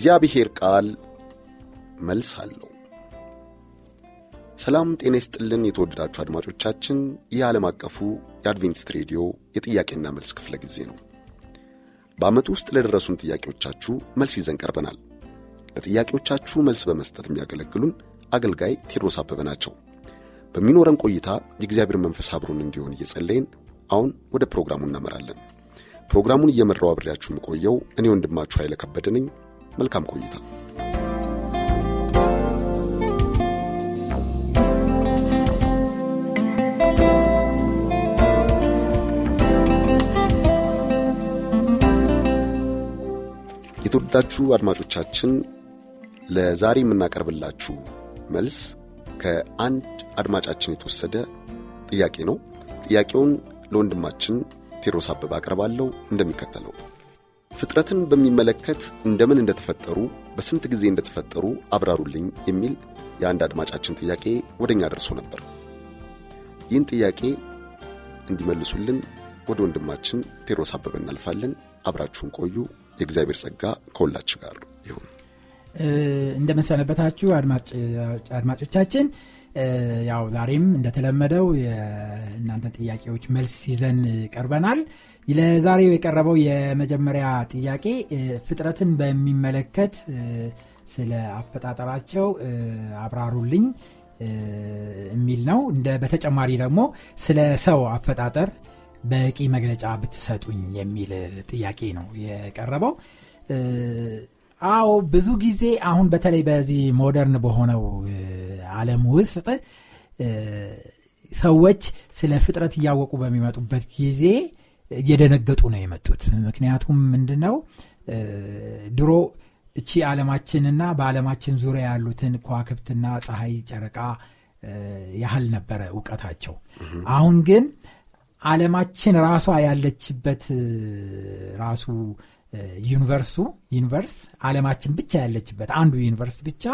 የእግዚአብሔር ቃል መልስ አለው። ሰላም ጤና ይስጥልን። የተወደዳችሁ አድማጮቻችን፣ ይህ ዓለም አቀፉ የአድቬንቲስት ሬዲዮ የጥያቄና መልስ ክፍለ ጊዜ ነው። በዓመቱ ውስጥ ለደረሱን ጥያቄዎቻችሁ መልስ ይዘን ቀርበናል። ለጥያቄዎቻችሁ መልስ በመስጠት የሚያገለግሉን አገልጋይ ቴድሮስ አበበ ናቸው። በሚኖረን ቆይታ የእግዚአብሔር መንፈስ አብሮን እንዲሆን እየጸለይን አሁን ወደ ፕሮግራሙ እናመራለን። ፕሮግራሙን እየመራው አብሬያችሁ የምቆየው እኔ ወንድማችሁ ኃይለ ከበደ ነኝ። መልካም ቆይታ። የተወደዳችሁ አድማጮቻችን ለዛሬ የምናቀርብላችሁ መልስ ከአንድ አድማጫችን የተወሰደ ጥያቄ ነው። ጥያቄውን ለወንድማችን ቴዎድሮስ አበበ አቀርባለሁ እንደሚከተለው ፍጥረትን በሚመለከት እንደምን እንደተፈጠሩ በስንት ጊዜ እንደተፈጠሩ አብራሩልኝ የሚል የአንድ አድማጫችን ጥያቄ ወደ እኛ ደርሶ ነበር። ይህን ጥያቄ እንዲመልሱልን ወደ ወንድማችን ቴሮስ አበበ እናልፋለን። አብራችሁን ቆዩ። የእግዚአብሔር ጸጋ ከሁላችሁ ጋር ይሁን። እንደምንሰነበታችሁ አድማጮቻችን። ያው ዛሬም እንደተለመደው የእናንተን ጥያቄዎች መልስ ይዘን ቀርበናል። ለዛሬው የቀረበው የመጀመሪያ ጥያቄ ፍጥረትን በሚመለከት ስለ አፈጣጠራቸው አብራሩልኝ የሚል ነው። እንደ በተጨማሪ ደግሞ ስለ ሰው አፈጣጠር በቂ መግለጫ ብትሰጡኝ የሚል ጥያቄ ነው የቀረበው። አዎ ብዙ ጊዜ አሁን በተለይ በዚህ ሞደርን በሆነው አለም ውስጥ ሰዎች ስለ ፍጥረት እያወቁ በሚመጡበት ጊዜ እየደነገጡ ነው የመጡት። ምክንያቱም ምንድነው ድሮ እቺ ዓለማችንና በዓለማችን ዙሪያ ያሉትን ከዋክብትና ፀሐይ፣ ጨረቃ ያህል ነበረ እውቀታቸው። አሁን ግን ዓለማችን ራሷ ያለችበት ራሱ ዩኒቨርሱ ዩኒቨርስ ዓለማችን ብቻ ያለችበት አንዱ ዩኒቨርስ ብቻ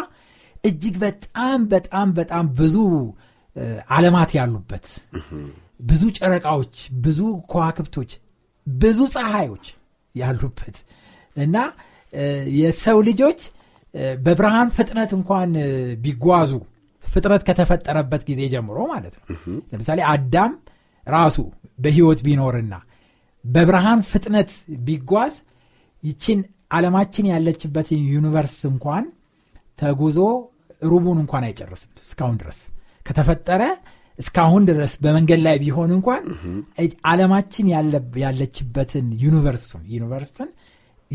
እጅግ በጣም በጣም በጣም ብዙ ዓለማት ያሉበት ብዙ ጨረቃዎች፣ ብዙ ከዋክብቶች፣ ብዙ ፀሐዮች ያሉበት እና የሰው ልጆች በብርሃን ፍጥነት እንኳን ቢጓዙ ፍጥረት ከተፈጠረበት ጊዜ ጀምሮ ማለት ነው። ለምሳሌ አዳም ራሱ በህይወት ቢኖርና በብርሃን ፍጥነት ቢጓዝ ይችን ዓለማችን ያለችበትን ዩኒቨርስ እንኳን ተጉዞ ሩቡን እንኳን አይጨርስም እስካሁን ድረስ ከተፈጠረ እስካሁን ድረስ በመንገድ ላይ ቢሆን እንኳን ዓለማችን ያለችበትን ዩኒቨርስቱን ዩኒቨርስትን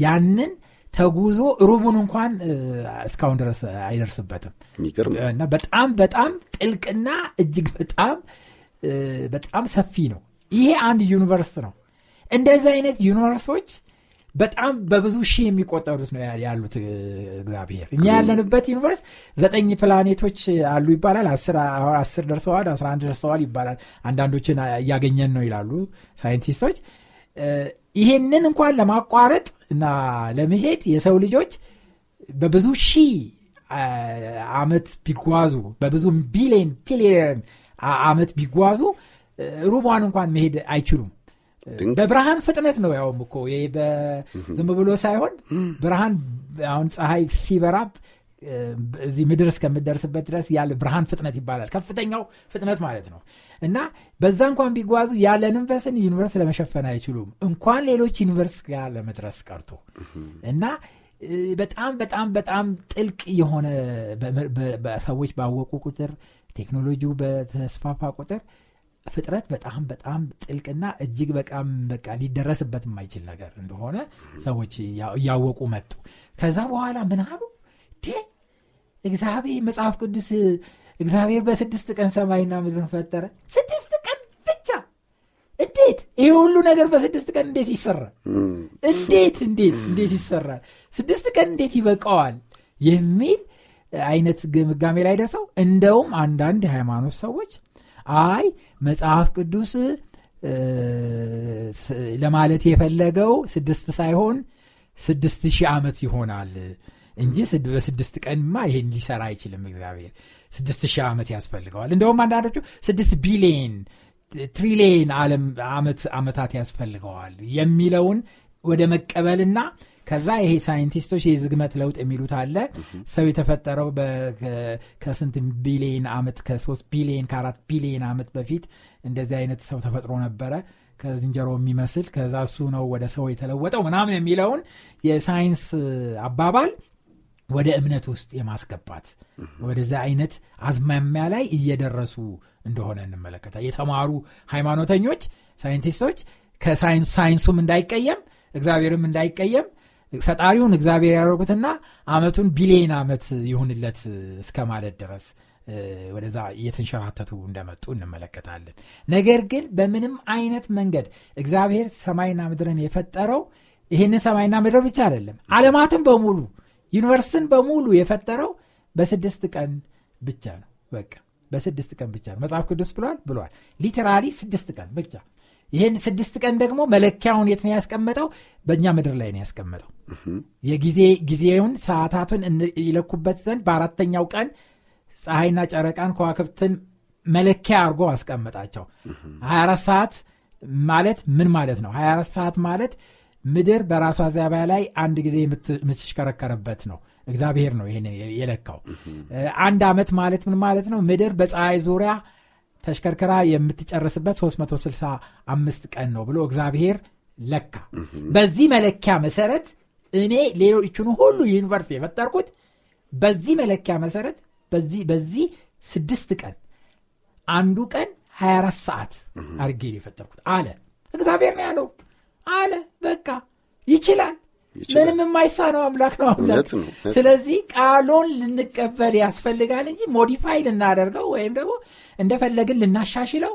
ያንን ተጉዞ ሩቡን እንኳን እስካሁን ድረስ አይደርስበትም እና በጣም በጣም ጥልቅና እጅግ በጣም በጣም ሰፊ ነው። ይሄ አንድ ዩኒቨርስ ነው። እንደዚህ አይነት ዩኒቨርሶች በጣም በብዙ ሺህ የሚቆጠሩት ነው ያሉት እግዚአብሔር። እኛ ያለንበት ዩኒቨርስ ዘጠኝ ፕላኔቶች አሉ ይባላል። አስር ደርሰዋል፣ አስራ አንድ ደርሰዋል ይባላል። አንዳንዶችን እያገኘን ነው ይላሉ ሳይንቲስቶች። ይሄንን እንኳን ለማቋረጥ እና ለመሄድ የሰው ልጆች በብዙ ሺህ አመት ቢጓዙ በብዙ ቢሊየን ቲሊየን አመት ቢጓዙ ሩቧን እንኳን መሄድ አይችሉም። በብርሃን ፍጥነት ነው ያውም እኮ ዝም ብሎ ሳይሆን ብርሃን አሁን ፀሐይ ሲበራ እዚህ ምድር እስከምደርስበት ድረስ ያለ ብርሃን ፍጥነት ይባላል ከፍተኛው ፍጥነት ማለት ነው እና በዛ እንኳን ቢጓዙ ያለ ዩኒቨርስን ዩኒቨርስ ለመሸፈን አይችሉም እንኳን ሌሎች ዩኒቨርስ ጋር ለመድረስ ቀርቶ እና በጣም በጣም በጣም ጥልቅ የሆነ ሰዎች ባወቁ ቁጥር ቴክኖሎጂው በተስፋፋ ቁጥር ፍጥረት በጣም በጣም ጥልቅና እጅግ በጣም በቃ ሊደረስበት የማይችል ነገር እንደሆነ ሰዎች እያወቁ መጡ። ከዛ በኋላ ምን አሉ? እግዚአብሔር መጽሐፍ ቅዱስ እግዚአብሔር በስድስት ቀን ሰማይና ምድርን ፈጠረ። ስድስት ቀን ብቻ እንዴት ይህ ሁሉ ነገር በስድስት ቀን እንዴት ይሰራል? እንዴት እንዴት እንዴት ይሰራል? ስድስት ቀን እንዴት ይበቃዋል? የሚል አይነት ግምጋሜ ላይ ደርሰው እንደውም አንዳንድ የሃይማኖት ሰዎች አይ መጽሐፍ ቅዱስ ለማለት የፈለገው ስድስት ሳይሆን ስድስት ሺህ ዓመት ይሆናል እንጂ በስድስት ቀንማ ይሄን ሊሰራ አይችልም እግዚአብሔር ስድስት ሺህ ዓመት ያስፈልገዋል እንደውም አንዳንዶቹ ስድስት ቢሊየን ትሪሊየን ዓመታት ያስፈልገዋል የሚለውን ወደ መቀበልና ከዛ ይሄ ሳይንቲስቶች የዝግመት ለውጥ የሚሉት አለ ሰው የተፈጠረው ከስንት ቢሊየን ዓመት ከሶስት ቢሊየን ከአራት ቢሊየን ዓመት በፊት እንደዚህ አይነት ሰው ተፈጥሮ ነበረ ከዝንጀሮ የሚመስል ከዛ እሱ ነው ወደ ሰው የተለወጠው ምናምን የሚለውን የሳይንስ አባባል ወደ እምነት ውስጥ የማስገባት ወደዚ አይነት አዝማሚያ ላይ እየደረሱ እንደሆነ እንመለከታል የተማሩ ሃይማኖተኞች ሳይንቲስቶች ከሳይንሱም እንዳይቀየም እግዚአብሔርም እንዳይቀየም ፈጣሪውን እግዚአብሔር ያደረጉትና አመቱን ቢሊየን ዓመት ይሁንለት እስከ ማለት ድረስ ወደዛ እየተንሸራተቱ እንደመጡ እንመለከታለን። ነገር ግን በምንም አይነት መንገድ እግዚአብሔር ሰማይና ምድርን የፈጠረው ይህንን ሰማይና ምድር ብቻ አይደለም፣ ዓለማትን በሙሉ ዩኒቨርስን በሙሉ የፈጠረው በስድስት ቀን ብቻ ነው። በቃ በስድስት ቀን ብቻ ነው። መጽሐፍ ቅዱስ ብሏል ብሏል። ሊተራሊ ስድስት ቀን ብቻ ይህን ስድስት ቀን ደግሞ መለኪያውን የት ነው ያስቀመጠው? በእኛ ምድር ላይ ነው ያስቀመጠው። የጊዜ ጊዜውን ሰዓታቱን ይለኩበት ዘንድ በአራተኛው ቀን ፀሐይና ጨረቃን ከዋክብትን መለኪያ አድርጎ አስቀመጣቸው። 24 ሰዓት ማለት ምን ማለት ነው? 24 ሰዓት ማለት ምድር በራሷ ዛቢያ ላይ አንድ ጊዜ የምትሽከረከረበት ነው። እግዚአብሔር ነው ይህንን የለካው። አንድ ዓመት ማለት ምን ማለት ነው? ምድር በፀሐይ ዙሪያ ተሽከርክራ የምትጨርስበት 365 ቀን ነው ብሎ እግዚአብሔር ለካ። በዚህ መለኪያ መሰረት እኔ ሌሎችን ሁሉ ዩኒቨርስ የፈጠርኩት በዚህ መለኪያ መሰረት በዚህ ስድስት ቀን አንዱ ቀን 24 ሰዓት አድርጌ የፈጠርኩት አለ እግዚአብሔር ነው ያለው አለ። በቃ ይችላል ምንም የማይሳ ነው አምላክ ነው አምላክ ስለዚህ ቃሉን ልንቀበል ያስፈልጋል እንጂ ሞዲፋይ ልናደርገው ወይም ደግሞ እንደፈለግን ልናሻሽለው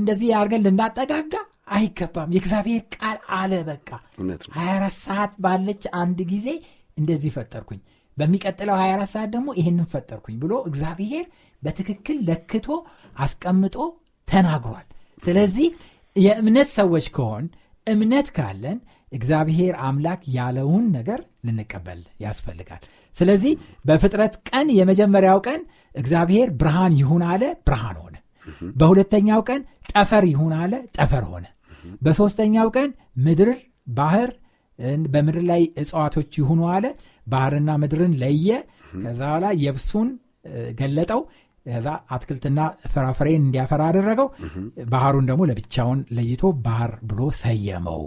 እንደዚህ አድርገን ልናጠጋጋ አይገባም የእግዚአብሔር ቃል አለ በቃ 24 ሰዓት ባለች አንድ ጊዜ እንደዚህ ፈጠርኩኝ በሚቀጥለው 24 ሰዓት ደግሞ ይህንን ፈጠርኩኝ ብሎ እግዚአብሔር በትክክል ለክቶ አስቀምጦ ተናግሯል ስለዚህ የእምነት ሰዎች ከሆን እምነት ካለን እግዚአብሔር አምላክ ያለውን ነገር ልንቀበል ያስፈልጋል። ስለዚህ በፍጥረት ቀን የመጀመሪያው ቀን እግዚአብሔር ብርሃን ይሁን አለ፣ ብርሃን ሆነ። በሁለተኛው ቀን ጠፈር ይሁን አለ፣ ጠፈር ሆነ። በሶስተኛው ቀን ምድር፣ ባህር፣ በምድር ላይ እጽዋቶች ይሁኑ አለ። ባህርና ምድርን ለየ። ከዛ በኋላ የብሱን ገለጠው። ከዛ አትክልትና ፍራፍሬን እንዲያፈራ አደረገው። ባህሩን ደግሞ ለብቻውን ለይቶ ባህር ብሎ ሰየመው።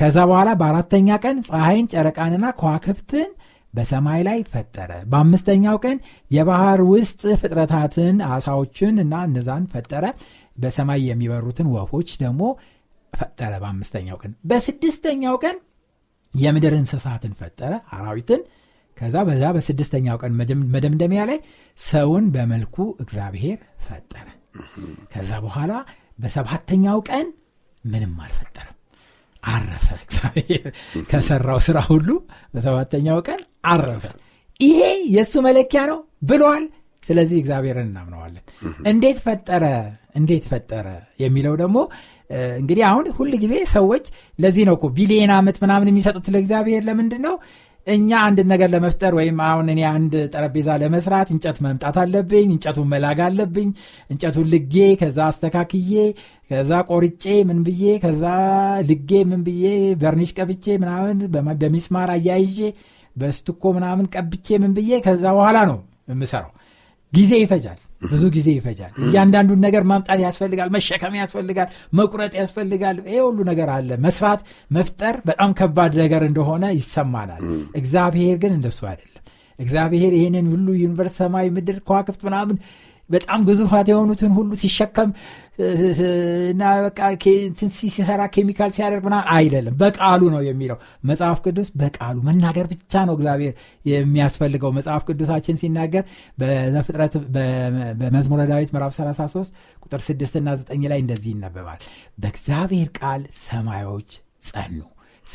ከዛ በኋላ በአራተኛ ቀን ፀሐይን ጨረቃንና ከዋክብትን በሰማይ ላይ ፈጠረ። በአምስተኛው ቀን የባህር ውስጥ ፍጥረታትን አሳዎችን እና እነዛን ፈጠረ። በሰማይ የሚበሩትን ወፎች ደግሞ ፈጠረ። በአምስተኛው ቀን በስድስተኛው ቀን የምድር እንስሳትን ፈጠረ፣ አራዊትን። ከዛ በዛ በስድስተኛው ቀን መደምደሚያ ላይ ሰውን በመልኩ እግዚአብሔር ፈጠረ። ከዛ በኋላ በሰባተኛው ቀን ምንም አልፈጠረም። አረፈ። እግዚአብሔር ከሰራው ስራ ሁሉ በሰባተኛው ቀን አረፈ። ይሄ የእሱ መለኪያ ነው ብሏል። ስለዚህ እግዚአብሔርን እናምነዋለን። እንዴት ፈጠረ እንዴት ፈጠረ የሚለው ደግሞ እንግዲህ አሁን ሁል ጊዜ ሰዎች ለዚህ ነው እኮ ቢሊየን ዓመት ምናምን የሚሰጡት ለእግዚአብሔር ለምንድን ነው? እኛ አንድ ነገር ለመፍጠር ወይም አሁን እኔ አንድ ጠረጴዛ ለመስራት እንጨት መምጣት አለብኝ፣ እንጨቱን መላግ አለብኝ። እንጨቱን ልጌ ከዛ አስተካክዬ ከዛ ቆርጬ ምን ብዬ ከዛ ልጌ ምን ብዬ ቨርኒሽ ቀብቼ ምናምን በሚስማር አያይዤ በስቱኮ ምናምን ቀብቼ ምን ብዬ ከዛ በኋላ ነው የምሰራው። ጊዜ ይፈጃል። ብዙ ጊዜ ይፈጃል። እያንዳንዱን ነገር ማምጣት ያስፈልጋል፣ መሸከም ያስፈልጋል፣ መቁረጥ ያስፈልጋል። ይህ ሁሉ ነገር አለ። መስራት መፍጠር በጣም ከባድ ነገር እንደሆነ ይሰማናል። እግዚአብሔር ግን እንደሱ አይደለም። እግዚአብሔር ይህንን ሁሉ ዩኒቨርስ፣ ሰማዊ ምድር፣ ከዋክብት ምናምን በጣም ግዙፋት የሆኑትን ሁሉ ሲሸከም እና በቃ ሲሰራ ኬሚካል ሲያደርግ ምናምን አይደለም። በቃሉ ነው የሚለው መጽሐፍ ቅዱስ። በቃሉ መናገር ብቻ ነው እግዚአብሔር የሚያስፈልገው። መጽሐፍ ቅዱሳችን ሲናገር በዘፍጥረት በመዝሙረ ዳዊት ምዕራፍ 33 ቁጥር 6 እና 9 ላይ እንደዚህ ይነበባል። በእግዚአብሔር ቃል ሰማዮች ጸኑ፣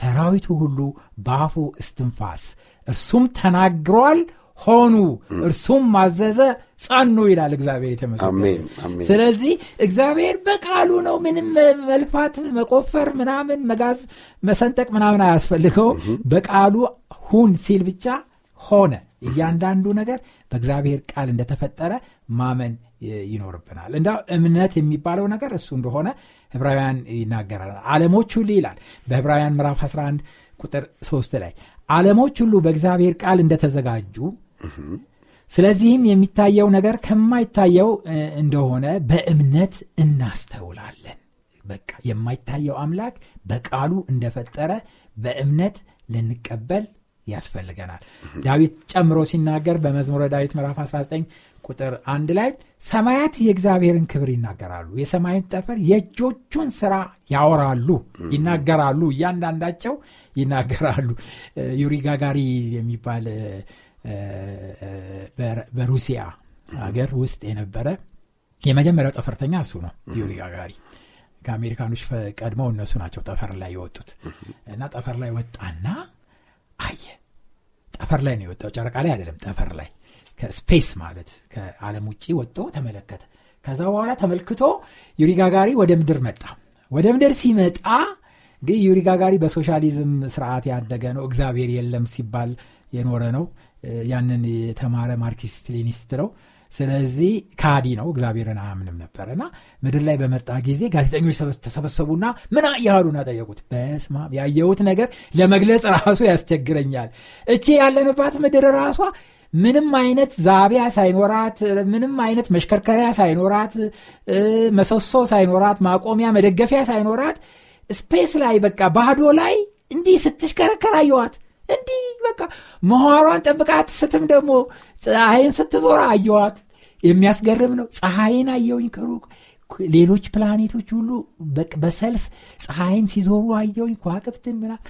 ሰራዊቱ ሁሉ በአፉ እስትንፋስ፣ እርሱም ተናግሯል ሆኑ እርሱም ማዘዘ ጸኑ ይላል እግዚአብሔር የተመሰገነ ስለዚህ እግዚአብሔር በቃሉ ነው ምንም መልፋት መቆፈር ምናምን መጋዝ መሰንጠቅ ምናምን አያስፈልገው በቃሉ ሁን ሲል ብቻ ሆነ እያንዳንዱ ነገር በእግዚአብሔር ቃል እንደተፈጠረ ማመን ይኖርብናል እንዳ እምነት የሚባለው ነገር እሱ እንደሆነ ህብራውያን ይናገራል አለሞች ሁሉ ይላል በህብራውያን ምዕራፍ 11 ቁጥር 3 ላይ ዓለሞች ሁሉ በእግዚአብሔር ቃል እንደተዘጋጁ ስለዚህም የሚታየው ነገር ከማይታየው እንደሆነ በእምነት እናስተውላለን። በቃ የማይታየው አምላክ በቃሉ እንደፈጠረ በእምነት ልንቀበል ያስፈልገናል። ዳዊት ጨምሮ ሲናገር በመዝሙረ ዳዊት ምዕራፍ 19 ቁጥር አንድ ላይ ሰማያት የእግዚአብሔርን ክብር ይናገራሉ፣ የሰማይን ጠፈር የእጆቹን ስራ ያወራሉ፣ ይናገራሉ። እያንዳንዳቸው ይናገራሉ። ዩሪ ጋጋሪ የሚባል በሩሲያ ሀገር ውስጥ የነበረ የመጀመሪያው ጠፈርተኛ እሱ ነው። ዩሪ ጋጋሪ ከአሜሪካኖች ቀድመው እነሱ ናቸው ጠፈር ላይ የወጡት እና ጠፈር ላይ ወጣና አየ። ጠፈር ላይ ነው የወጣው፣ ጨረቃ ላይ አይደለም፣ ጠፈር ላይ ከስፔስ ማለት ከዓለም ውጭ ወጥቶ ተመለከተ። ከዛ በኋላ ተመልክቶ ዩሪ ጋጋሪ ወደ ምድር መጣ። ወደ ምድር ሲመጣ እንግዲህ ዩሪ ጋጋሪ በሶሻሊዝም ስርዓት ያደገ ነው። እግዚአብሔር የለም ሲባል የኖረ ነው። ያንን የተማረ ማርክሲስት ሌኒስት ነው። ስለዚህ ካዲ ነው። እግዚአብሔርን አያምንም ነበር እና ምድር ላይ በመጣ ጊዜ ጋዜጠኞች ተሰበሰቡና ምን ያህሉና ጠየቁት። በስማ ያየሁት ነገር ለመግለጽ ራሱ ያስቸግረኛል። እቼ ያለንባት ምድር ራሷ ምንም አይነት ዛቢያ ሳይኖራት፣ ምንም አይነት መሽከርከሪያ ሳይኖራት፣ መሰሶ ሳይኖራት፣ ማቆሚያ መደገፊያ ሳይኖራት ስፔስ ላይ በቃ ባዶ ላይ እንዲህ ስትሽከረከር አየዋት። እንዲህ በቃ መኋሯን ጠብቃት ስትም ደግሞ ፀሐይን ስትዞር አየዋት። የሚያስገርም ነው። ፀሐይን አየውኝ ከሩቅ ሌሎች ፕላኔቶች ሁሉ በሰልፍ ፀሐይን ሲዞሩ አየውኝ ከዋክብትን ምናምን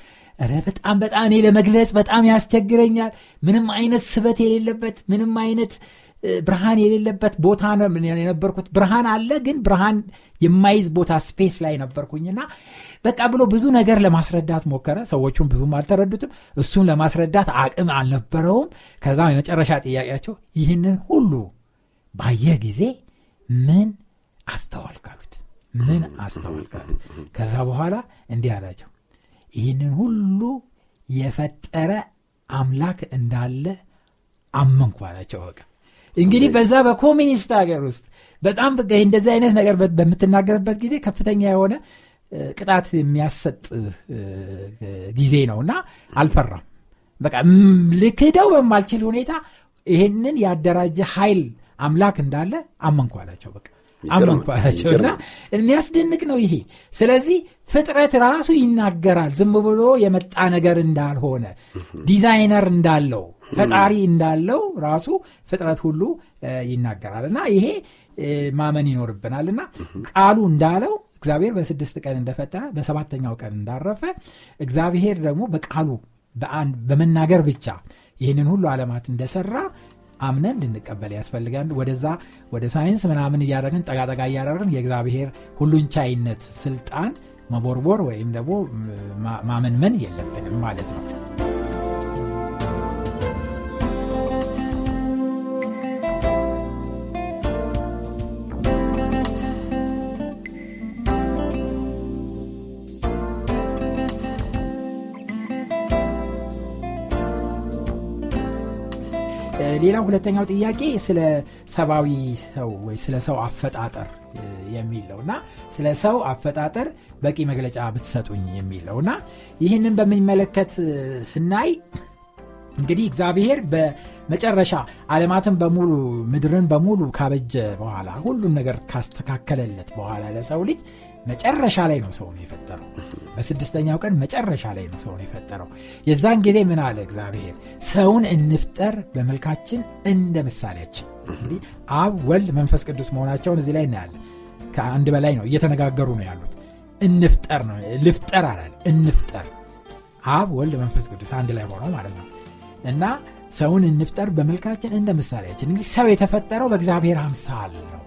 ረ በጣም በጣም እኔ ለመግለጽ በጣም ያስቸግረኛል። ምንም አይነት ስበት የሌለበት ምንም አይነት ብርሃን የሌለበት ቦታ የነበርኩት ብርሃን አለ ግን ብርሃን የማይዝ ቦታ ስፔስ ላይ ነበርኩኝና በቃ ብሎ ብዙ ነገር ለማስረዳት ሞከረ። ሰዎቹም ብዙም አልተረዱትም። እሱን ለማስረዳት አቅም አልነበረውም። ከዛ የመጨረሻ ጥያቄያቸው ይህንን ሁሉ ባየ ጊዜ ምን አስተዋልካሉት ምን አስተዋልካሉት ከዛ በኋላ እንዲህ አላቸው ይህንን ሁሉ የፈጠረ አምላክ እንዳለ አመንኩ አላቸው በቃ እንግዲህ በዛ በኮሚኒስት ሀገር ውስጥ በጣም እንደዚህ አይነት ነገር በምትናገርበት ጊዜ ከፍተኛ የሆነ ቅጣት የሚያሰጥ ጊዜ ነው እና አልፈራም በቃ ልክደው በማልችል ሁኔታ ይህንን ያደራጀ ኃይል አምላክ እንዳለ አመንኳላቸው። በቃ አመንኩ አላቸው እና የሚያስደንቅ ነው ይሄ ስለዚህ ፍጥረት ራሱ ይናገራል ዝም ብሎ የመጣ ነገር እንዳልሆነ ዲዛይነር እንዳለው ፈጣሪ እንዳለው ራሱ ፍጥረት ሁሉ ይናገራል እና ይሄ ማመን ይኖርብናል እና ቃሉ እንዳለው እግዚአብሔር በስድስት ቀን እንደፈጠረ በሰባተኛው ቀን እንዳረፈ እግዚአብሔር ደግሞ በቃሉ በመናገር ብቻ ይህንን ሁሉ አለማት እንደሰራ አምነን ልንቀበል ያስፈልጋል። ወደዛ ወደ ሳይንስ ምናምን እያደረግን ጠጋጠጋ እያደረግን የእግዚአብሔር ሁሉን ቻይነት ስልጣን መቦርቦር ወይም ደግሞ ማመንመን የለብንም ማለት ነው። ሌላው ሁለተኛው ጥያቄ ስለ ሰብአዊ ሰው ወይ ስለ ሰው አፈጣጠር የሚል ነው እና ስለ ሰው አፈጣጠር በቂ መግለጫ ብትሰጡኝ የሚል ነው እና ይህንን በምንመለከት ስናይ እንግዲህ እግዚአብሔር በመጨረሻ አለማትን በሙሉ ምድርን በሙሉ ካበጀ በኋላ ሁሉን ነገር ካስተካከለለት በኋላ ለሰው ልጅ መጨረሻ ላይ ነው ሰውን የፈጠረው። በስድስተኛው ቀን መጨረሻ ላይ ነው ሰውን የፈጠረው። የዛን ጊዜ ምን አለ እግዚአብሔር? ሰውን እንፍጠር በመልካችን እንደ ምሳሌያችን። እንግዲህ አብ ወልድ፣ መንፈስ ቅዱስ መሆናቸውን እዚህ ላይ እናያለን። ከአንድ በላይ ነው እየተነጋገሩ ነው ያሉት። እንፍጠር ነው ልፍጠር አላለ፣ እንፍጠር። አብ ወልድ፣ መንፈስ ቅዱስ አንድ ላይ ሆነው ማለት ነው እና ሰውን እንፍጠር በመልካችን እንደ ምሳሌያችን። እንግዲህ ሰው የተፈጠረው በእግዚአብሔር አምሳል ነው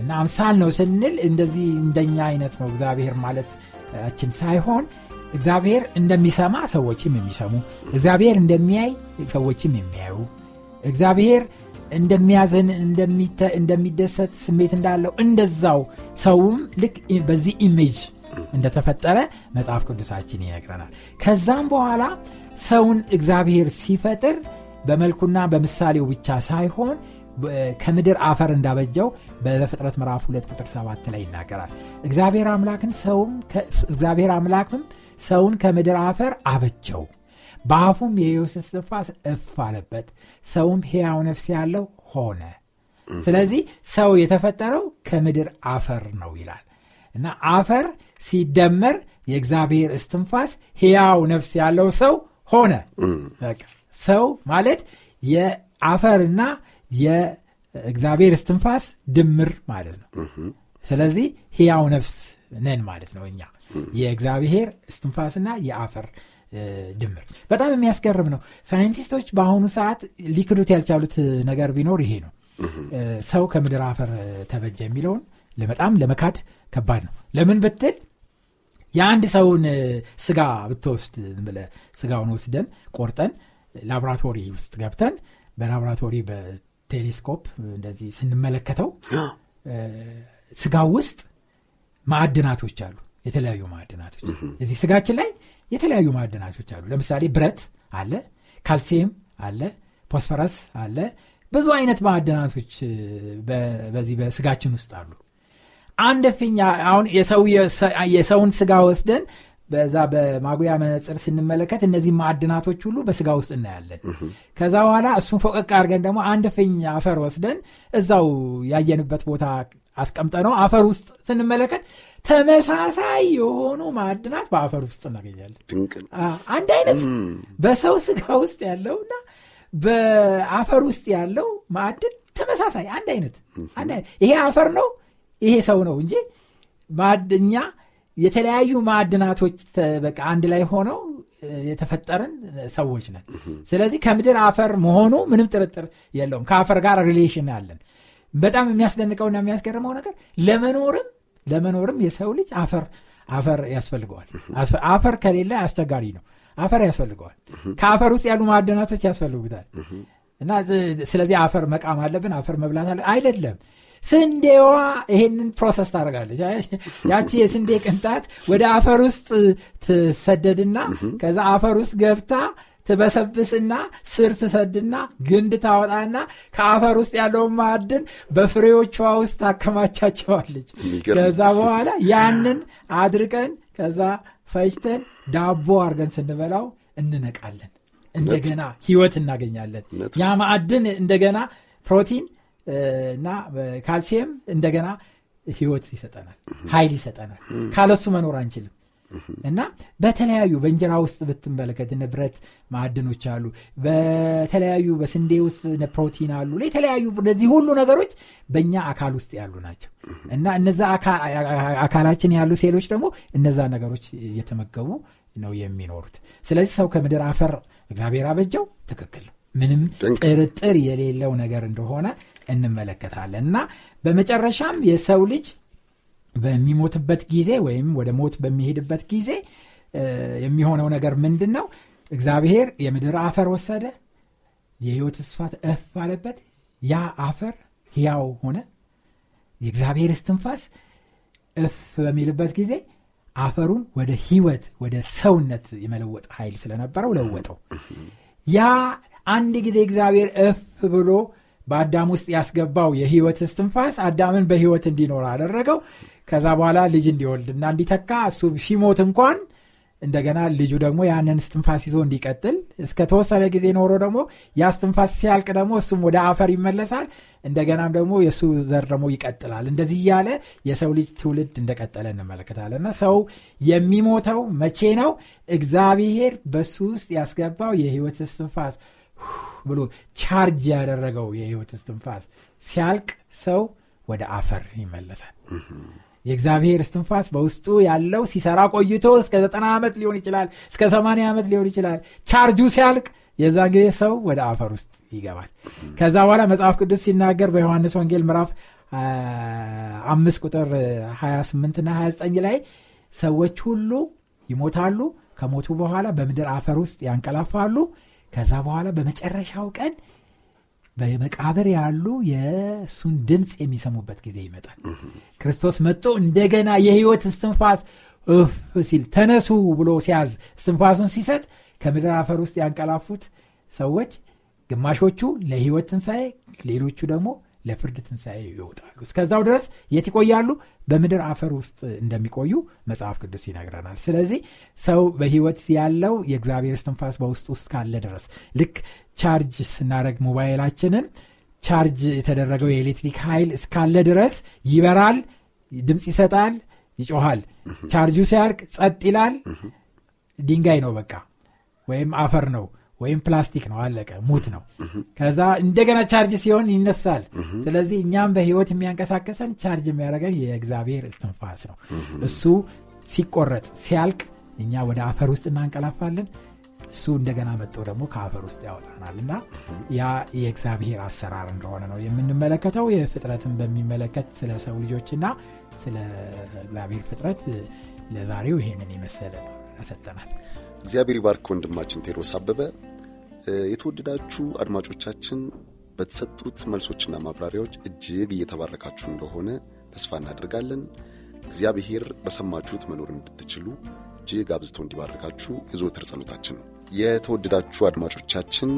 እና አምሳል ነው ስንል እንደዚህ እንደኛ አይነት ነው እግዚአብሔር ችን ሳይሆን እግዚአብሔር እንደሚሰማ ሰዎችም የሚሰሙ እግዚአብሔር እንደሚያይ ሰዎችም የሚያዩ እግዚአብሔር እንደሚያዝን እንደሚደሰት ስሜት እንዳለው እንደዛው ሰውም ልክ በዚህ ኢሜጅ እንደተፈጠረ መጽሐፍ ቅዱሳችን ይነግረናል ከዛም በኋላ ሰውን እግዚአብሔር ሲፈጥር በመልኩና በምሳሌው ብቻ ሳይሆን ከምድር አፈር እንዳበጀው በፍጥረት ምዕራፍ 2 ቁጥር 7 ላይ ይናገራል። እግዚአብሔር አምላክን ሰውም እግዚአብሔር አምላክም ሰውን ከምድር አፈር አበጀው፣ በአፉም የዮስ እስትንፋስ እፍ አለበት፣ ሰውም ሕያው ነፍስ ያለው ሆነ። ስለዚህ ሰው የተፈጠረው ከምድር አፈር ነው ይላል እና አፈር ሲደመር የእግዚአብሔር እስትንፋስ ሕያው ነፍስ ያለው ሰው ሆነ። ሰው ማለት የአፈርና የእግዚአብሔር እስትንፋስ ድምር ማለት ነው ስለዚህ ህያው ነፍስ ነን ማለት ነው እኛ የእግዚአብሔር እስትንፋስና የአፈር ድምር በጣም የሚያስገርም ነው ሳይንቲስቶች በአሁኑ ሰዓት ሊክዱት ያልቻሉት ነገር ቢኖር ይሄ ነው ሰው ከምድር አፈር ተበጀ የሚለውን በጣም ለመካድ ከባድ ነው ለምን ብትል የአንድ ሰውን ስጋ ብትወስድ ብለ ስጋውን ወስደን ቆርጠን ላቦራቶሪ ውስጥ ገብተን በላቦራቶሪ ቴሌስኮፕ እንደዚህ ስንመለከተው ስጋ ውስጥ ማዕድናቶች አሉ። የተለያዩ ማዕድናቶች እዚህ ስጋችን ላይ የተለያዩ ማዕድናቶች አሉ። ለምሳሌ ብረት አለ፣ ካልሲየም አለ፣ ፎስፈረስ አለ። ብዙ አይነት ማዕድናቶች በዚህ በስጋችን ውስጥ አሉ። አንድ ፊኛ አሁን የሰውን ስጋ ወስደን በዛ በማጉያ መነፅር ስንመለከት እነዚህ ማዕድናቶች ሁሉ በስጋ ውስጥ እናያለን። ከዛ በኋላ እሱን ፎቀቅ አድርገን ደግሞ አንድ ፍኝ አፈር ወስደን እዛው ያየንበት ቦታ አስቀምጠ ነው አፈር ውስጥ ስንመለከት ተመሳሳይ የሆኑ ማዕድናት በአፈር ውስጥ እናገኛለን። አንድ አይነት በሰው ስጋ ውስጥ ያለውና በአፈር ውስጥ ያለው ማዕድን ተመሳሳይ አንድ አይነት ይሄ አፈር ነው ይሄ ሰው ነው እንጂ ማዕድኛ የተለያዩ ማዕድናቶች በቃ አንድ ላይ ሆነው የተፈጠርን ሰዎች ነን። ስለዚህ ከምድር አፈር መሆኑ ምንም ጥርጥር የለውም። ከአፈር ጋር ሪሌሽን አለን። በጣም የሚያስደንቀውና የሚያስገርመው ነገር ለመኖርም ለመኖርም የሰው ልጅ አፈር አፈር ያስፈልገዋል። አፈር ከሌለ አስቸጋሪ ነው። አፈር ያስፈልገዋል። ከአፈር ውስጥ ያሉ ማዕድናቶች ያስፈልጉታል። እና ስለዚህ አፈር መቃም አለብን፣ አፈር መብላት አለ አይደለም። ስንዴዋ ይሄንን ፕሮሰስ ታደርጋለች። ያቺ የስንዴ ቅንጣት ወደ አፈር ውስጥ ትሰደድና ከዛ አፈር ውስጥ ገብታ ትበሰብስና ስር ትሰድና ግንድ ታወጣና ከአፈር ውስጥ ያለውን ማዕድን በፍሬዎቿ ውስጥ ታከማቻቸዋለች። ከዛ በኋላ ያንን አድርቀን ከዛ ፈጭተን ዳቦ አድርገን ስንበላው እንነቃለን። እንደገና ህይወት እናገኛለን። ያ ማዕድን እንደገና ፕሮቲን እና ካልሲየም እንደገና ህይወት ይሰጠናል ሀይል ይሰጠናል ካለሱ መኖር አንችልም እና በተለያዩ በእንጀራ ውስጥ ብትመለከት እነ ብረት ማዕድኖች አሉ በተለያዩ በስንዴ ውስጥ ፕሮቲን አሉ የተለያዩ እነዚህ ሁሉ ነገሮች በእኛ አካል ውስጥ ያሉ ናቸው እና እነዛ አካላችን ያሉ ሴሎች ደግሞ እነዛ ነገሮች እየተመገቡ ነው የሚኖሩት ስለዚህ ሰው ከምድር አፈር እግዚአብሔር አበጀው ትክክል ምንም ጥርጥር የሌለው ነገር እንደሆነ እንመለከታለን እና በመጨረሻም የሰው ልጅ በሚሞትበት ጊዜ ወይም ወደ ሞት በሚሄድበት ጊዜ የሚሆነው ነገር ምንድን ነው እግዚአብሔር የምድር አፈር ወሰደ የህይወት ስፋት እፍ አለበት ያ አፈር ሕያው ሆነ የእግዚአብሔር እስትንፋስ እፍ በሚልበት ጊዜ አፈሩን ወደ ህይወት ወደ ሰውነት የመለወጥ ኃይል ስለነበረው ለወጠው ያ አንድ ጊዜ እግዚአብሔር እፍ ብሎ በአዳም ውስጥ ያስገባው የህይወት እስትንፋስ አዳምን በህይወት እንዲኖር አደረገው። ከዛ በኋላ ልጅ እንዲወልድና እንዲተካ እሱ ሲሞት እንኳን እንደገና ልጁ ደግሞ ያንን እስትንፋስ ይዞ እንዲቀጥል እስከ ተወሰነ ጊዜ ኖሮ ደግሞ ያ እስትንፋስ ሲያልቅ ደግሞ እሱም ወደ አፈር ይመለሳል። እንደገናም ደግሞ የእሱ ዘር ደግሞ ይቀጥላል። እንደዚህ እያለ የሰው ልጅ ትውልድ እንደቀጠለ እንመለከታለን እና ሰው የሚሞተው መቼ ነው? እግዚአብሔር በሱ ውስጥ ያስገባው የህይወት እስትንፋስ ብሎ ቻርጅ ያደረገው የህይወት እስትንፋስ ሲያልቅ ሰው ወደ አፈር ይመለሳል። የእግዚአብሔር እስትንፋስ በውስጡ ያለው ሲሰራ ቆይቶ እስከ ዘጠና ዓመት ሊሆን ይችላል፣ እስከ ሰማንያ ዓመት ሊሆን ይችላል። ቻርጁ ሲያልቅ የዛ ጊዜ ሰው ወደ አፈር ውስጥ ይገባል። ከዛ በኋላ መጽሐፍ ቅዱስ ሲናገር በዮሐንስ ወንጌል ምዕራፍ አምስት ቁጥር 28 እና 29 ላይ ሰዎች ሁሉ ይሞታሉ፣ ከሞቱ በኋላ በምድር አፈር ውስጥ ያንቀላፋሉ ከዛ በኋላ በመጨረሻው ቀን በመቃብር ያሉ የእሱን ድምፅ የሚሰሙበት ጊዜ ይመጣል ክርስቶስ መጥቶ እንደገና የህይወት እስትንፋስ እፍ ሲል ተነሱ ብሎ ሲያዝ እስትንፋሱን ሲሰጥ ከምድር አፈር ውስጥ ያንቀላፉት ሰዎች ግማሾቹ ለህይወት ትንሣኤ ሌሎቹ ደግሞ ለፍርድ ትንሣኤ ይወጣሉ። እስከዛው ድረስ የት ይቆያሉ? በምድር አፈር ውስጥ እንደሚቆዩ መጽሐፍ ቅዱስ ይነግረናል። ስለዚህ ሰው በህይወት ያለው የእግዚአብሔር ስትንፋስ በውስጥ ውስጥ ካለ ድረስ ልክ ቻርጅ ስናደረግ ሞባይላችንን ቻርጅ የተደረገው የኤሌክትሪክ ኃይል እስካለ ድረስ ይበራል፣ ድምፅ ይሰጣል፣ ይጮሃል። ቻርጁ ሲያልቅ ጸጥ ይላል። ድንጋይ ነው በቃ ወይም አፈር ነው ወይም ፕላስቲክ ነው አለቀ ሙት ነው ከዛ እንደገና ቻርጅ ሲሆን ይነሳል ስለዚህ እኛም በህይወት የሚያንቀሳቀሰን ቻርጅ የሚያደረገን የእግዚአብሔር እስትንፋስ ነው እሱ ሲቆረጥ ሲያልቅ እኛ ወደ አፈር ውስጥ እናንቀላፋለን እሱ እንደገና መጥቶ ደግሞ ከአፈር ውስጥ ያወጣናል እና ያ የእግዚአብሔር አሰራር እንደሆነ ነው የምንመለከተው የፍጥረትን በሚመለከት ስለ ሰው ልጆችና ስለ እግዚአብሔር ፍጥረት ለዛሬው ይሄንን የመሰለ ያሰጠናል። እግዚአብሔር ባርክ ወንድማችን ቴድሮስ አበበ የተወደዳችሁ አድማጮቻችን በተሰጡት መልሶችና ማብራሪያዎች እጅግ እየተባረካችሁ እንደሆነ ተስፋ እናደርጋለን። እግዚአብሔር በሰማችሁት መኖር እንድትችሉ እጅግ አብዝቶ እንዲባርካችሁ የዘወትር ጸሎታችን ነው። የተወደዳችሁ አድማጮቻችን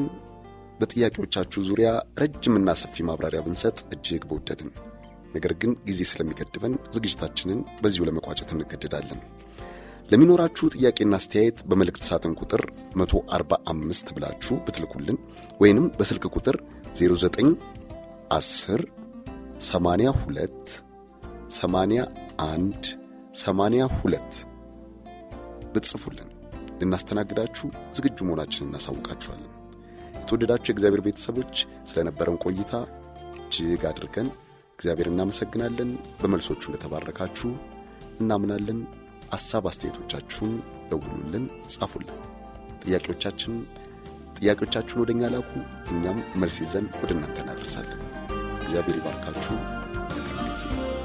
በጥያቄዎቻችሁ ዙሪያ ረጅምና ሰፊ ማብራሪያ ብንሰጥ እጅግ በወደድን፣ ነገር ግን ጊዜ ስለሚገድበን ዝግጅታችንን በዚሁ ለመቋጨት እንገደዳለን። ለሚኖራችሁ ጥያቄና አስተያየት በመልእክት ሳጥን ቁጥር 145 ብላችሁ ብትልኩልን ወይንም በስልክ ቁጥር 09 10 82 81 82 ብትጽፉልን ልናስተናግዳችሁ ዝግጁ መሆናችንን እናሳውቃችኋለን። የተወደዳችሁ የእግዚአብሔር ቤተሰቦች ስለነበረን ቆይታ እጅግ አድርገን እግዚአብሔር እናመሰግናለን። በመልሶቹ እንደተባረካችሁ እናምናለን። ሐሳብ አስተያየቶቻችሁን ደውሉልን፣ ጻፉልን። ጥያቄዎቻችን ጥያቄዎቻችሁን ወደ እኛ ላኩ። እኛም መልስ ይዘን ወደ እናንተ እናደርሳለን። እግዚአብሔር ይባርካችሁ።